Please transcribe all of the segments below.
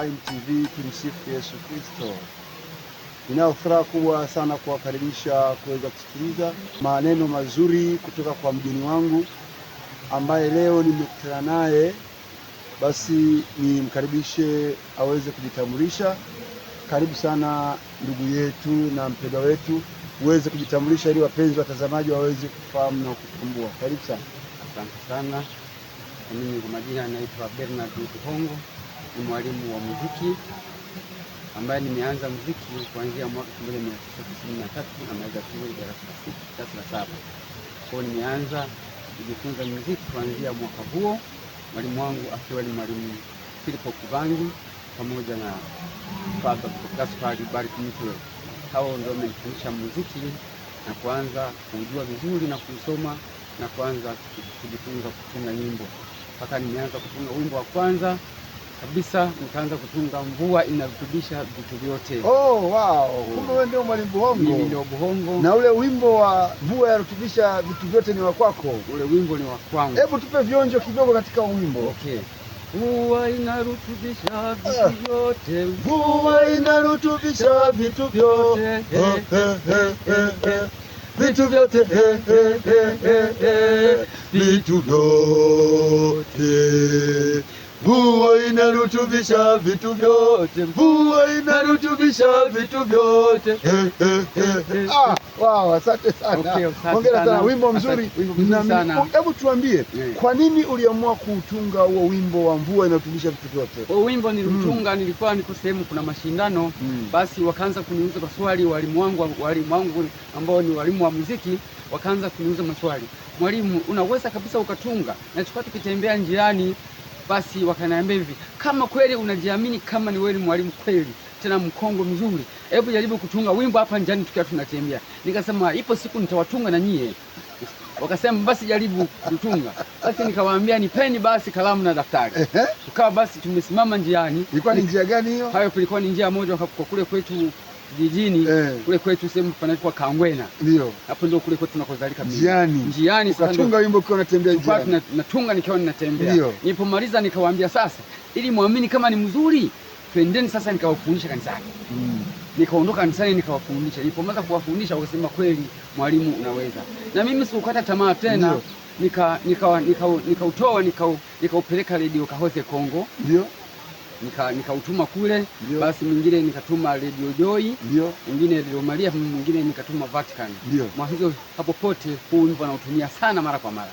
Prime TV. Tumsifu Yesu Kristo. Ninayo furaha kubwa sana kuwakaribisha kuweza kusikiliza maneno mazuri kutoka kwa mgeni wangu ambaye leo nimekutana naye. Basi nimkaribishe aweze kujitambulisha. Karibu sana ndugu yetu na mpendwa wetu, uweze kujitambulisha ili wapenzi watazamaji waweze kufahamu na kukumbua Karibu sana. Asante sana. Mimi kwa majina naitwa Bernard kuhongo ni mwalimu wa muziki ambaye nimeanza muziki kuanzia mwaka 1993 na maliza shule darasa darasa la saba. Kwa hiyo nimeanza kujifunza muziki kuanzia mwaka huo, mwalimu wangu akiwa ni mwalimu Filipo Kubangi pamoja na Padre Gaspari Bariki Mtwe. Hao ndio wamenifundisha muziki na kuanza kujua vizuri na kusoma na kuanza kujifunza kutunga nyimbo mpaka nimeanza kutunga wimbo wa kwanza kabisa, nikaanza kutunga mvua inarutubisha vitu vyote. Oh, wow. Kumbe wewe ndio mwalimu Buhongo. Mimi ndio Buhongo. Na ule wimbo wa mvua inarutubisha vitu vyote ni wa kwako? Ule wimbo ni wa kwangu. Hebu tupe vionjo kidogo katika wimbo. Okay. Mvua inarutubisha vitu ah. vyote, mvua inarutubisha vitu vyote, vitu vyote, vitu vyote Mvua inarutubisha vitu vyote, mvua inarutubisha vitu vyote. Eh, eh, eh, ah, wow, asante sana, hongera sana, wimbo mzuri. Oh, hebu tuambie kwa nini uliamua kuutunga huo wimbo wa mvua inarutubisha vitu vyote? Huo wimbo mm. nilikuwa niko sehemu kuna mashindano, hmm. basi wakaanza kuniuliza maswali walimu wangu, walimu wangu ambao ni walimu wa muziki, wakaanza kuniuliza maswali, mwalimu, unaweza kabisa ukatunga? Na tukitembea njiani basi wakaniambia hivi, kama kweli unajiamini, kama ni wewe ni mwalimu kweli tena mkongo mzuri, hebu jaribu kutunga wimbo hapa njani tukiwa tunatembea. Nikasema ipo siku nitawatunga na nyie. Wakasema basi jaribu kutunga. Basi nikawaambia nipeni basi kalamu na daftari. Tukawa basi tumesimama njiani. Ilikuwa ni njia gani hiyo? Hayo ilikuwa ni njia moja kwa kule kwetu jijini eh, kule kwetu sehemu panaitwa Kangwena, ndio hapo ndio kule kwetu tunakozalika mimi. Njiani, njiani sasa natunga wimbo ukiwa unatembea njiani, natunga nikiwa ninatembea. Nilipomaliza nikawaambia sasa, ili muamini kama ni mzuri, twendeni sasa nikawafundisha kanisani mm. Nikaondoka kanisani nikawafundisha. Nilipomaliza kuwafundisha, wakasema kweli, mwalimu, unaweza. Na mimi sikukata tamaa tena, nikautoa nika, nika, nika nikaupeleka nika Radio Kahoze Kongo, ndio nikautuma nika kule Basi mwingine nikatuma Radio Joy, mwingine Radio Maria, mwingine nikatuma Vatican. Mwahizo hapo pote, huu wimbo nautumia sana mara kwa mara.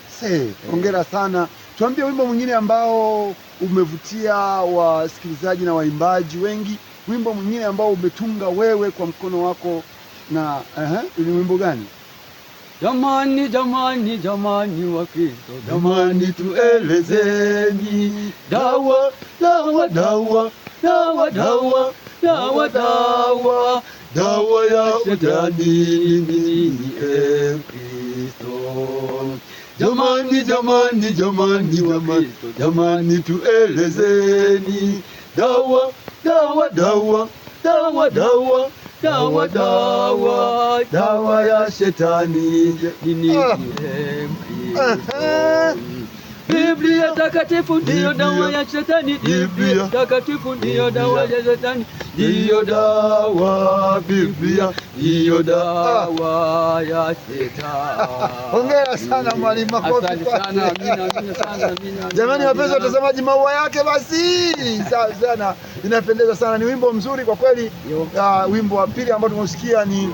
Hongera e. sana. Tuambie wimbo mwingine ambao umevutia wasikilizaji na waimbaji wengi, wimbo mwingine ambao umetunga wewe kwa mkono wako na ni uh, wimbo gani? Jamani, jamani, jamani Wakristo, jamani tuelezeni dawa dawa dawa dawa dawa dawa dawa dawa ya shetani ni Kristo. Jamani, jamani, jamani, jamani, jamani, tuelezeni dawa dawa dawa dawa dawa dawa dawa dawa ya shetani ni Kristo. Biblia takatifu ndiyo dawa ya shetani, Biblia takatifu ndiyo dawa ya shetani, ndiyo dawa Biblia, ndiyo dawa ya shetani. Hongera sana mwalimu, makofi. Asante sana, amina, amina sana, Jamani wapenzi watazamaji, maua yake basi sana, inapendeza sana, ni wimbo mzuri kwa kweli. Uh, wimbo wa pili ambao tumeusikia ni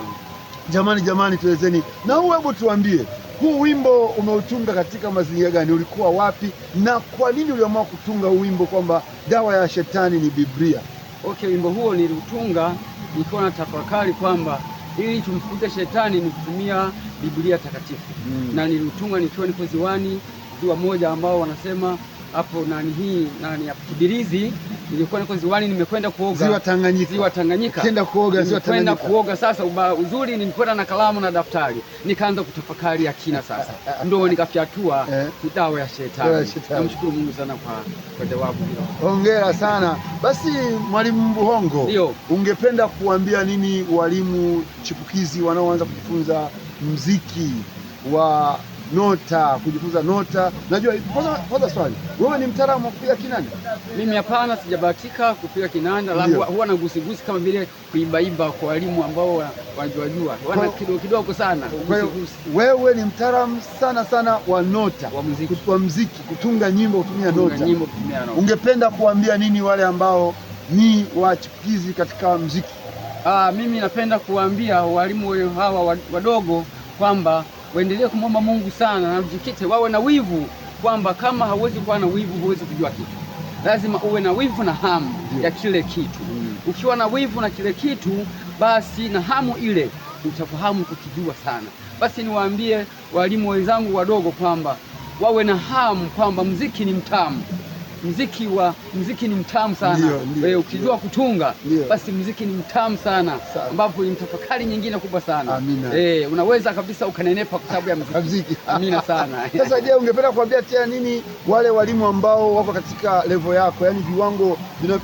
jamani, jamani, tuwezeni na hebu tuambie huu wimbo umeutunga katika mazingira gani? Ulikuwa wapi, na kwa nini uliamua kutunga huu wimbo kwamba dawa ya shetani ni Biblia? Okay, wimbo huo niliutunga nikiwa na tafakari kwamba ili tumfute shetani ni kutumia Biblia takatifu mm. na niliutunga nikiwa niko ziwani, ziwa moja ambao wanasema hapo nani hii nani ya Kibirizi nilikuwa niko ziwani, nimekwenda kuoga ziwa Tanganyika, ziwa Tanganyika, kwenda kuoga ziwa Tanganyika, kuoga. Sasa uba, uzuri nilikwenda na kalamu na daftari, nikaanza kutafakari ya Sasa eh. ndio nikafyatua eh. dawa ya shetani. Namshukuru Mungu sana kwa kwa jawabu hilo, hongera sana. Basi mwalimu Mbuhongo, ndio ungependa kuambia nini walimu chipukizi wanaoanza kujifunza mziki wa nota, kujifunza nota. Najua kwanza, swali, wewe ni mtaalamu wa kupiga kinanda? Mimi hapana, sijabahatika kupiga kinanda, labda huwa gusigusi kama vile kuibaimba kwa walimu ambao wanajuajua, wana kidogo kidogo sana. Wewe ni mtaalamu sana sana wa nota, wa muziki, wa muziki, kutunga nyimbo kutumia nota. Ungependa kuambia nini wale ambao ni wachipukizi katika muziki? Aa, ah, mimi napenda kuambia walimu hawa wadogo kwamba waendelee kumwomba Mungu sana na ujikite, wawe na wivu kwamba kama hauwezi kuwa na wivu huwezi kujua kitu. Lazima uwe na wivu na hamu yeah, ya kile kitu mm. Ukiwa na wivu na kile kitu basi na hamu ile utafahamu kukijua sana. Basi niwaambie walimu wenzangu wadogo kwamba wawe na hamu kwamba mziki ni mtamu mziki wa mziki ni mtamu sana. Wewe ukijua kutunga ndiyo, basi mziki ni mtamu sana, ambapo ni mtafakari nyingine kubwa sana e, unaweza kabisa ukanenepa kwa sababu ya mziki. Amina sana. Sasa je, ungependa kuambia tena nini wale walimu ambao wako katika levo yako, yaani viwango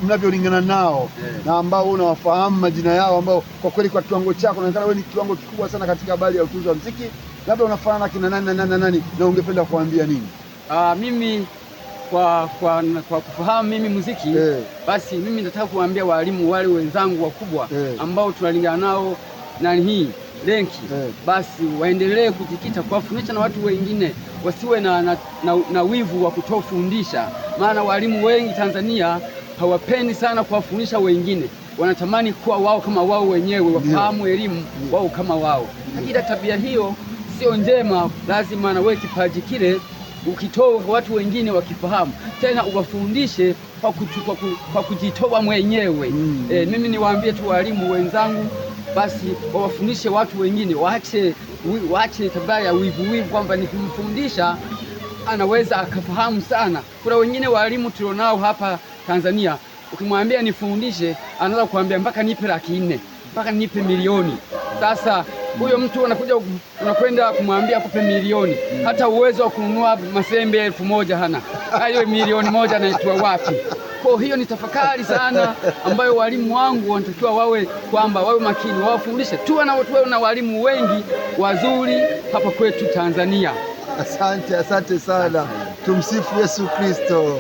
mnavyolingana nao e, na ambao unawafahamu majina yao, ambao kwa kweli kwa kiwango chako unaonekana wewe ni kiwango kikubwa sana katika habari ya utunzi wa mziki, labda unafanana kina nani na nani na nani, na ungependa kuambia nini? Aa, ah, mimi kwa, kwa, kwa kufahamu mimi muziki yeah. basi mimi nataka kuambia walimu wale wenzangu wakubwa yeah. ambao tunalingana nao nani hii lenki yeah. basi waendelee kujikita kuwafundisha na watu wengine wasiwe na, na, na, na wivu wa kutofundisha, maana walimu wengi Tanzania hawapendi sana kuwafundisha wengine, wanatamani kuwa wao kama wao wenyewe, wafahamu elimu wao kama wao. Lakini tabia hiyo sio njema, lazima na wewe kipaji kile ukitoa kwa watu wengine wakifahamu, tena uwafundishe kwa, kwa, kwa kujitoa mwenyewe mm. E, mimi niwaambie tu walimu wenzangu basi wawafundishe watu wengine, waache waache tabia ya wivu wivu, kwamba nikimfundisha anaweza akafahamu sana. Kuna wengine walimu tulionao hapa Tanzania, ukimwambia nifundishe, anaweza kuambia mpaka nipe laki nne mpaka nipe milioni. Sasa huyo mtu anakuja unakwenda kumwambia akupe milioni mm. hata uwezo wa kununua masembe elfu moja hana, hayo milioni moja anaitwa wapi? Kwa hiyo ni tafakari sana ambayo walimu wangu wanatakiwa wawe kwamba wawe makini, wawafundishe tu na watu na walimu wengi wazuri hapa kwetu Tanzania. Asante, asante sana. Tumsifu Yesu Kristo.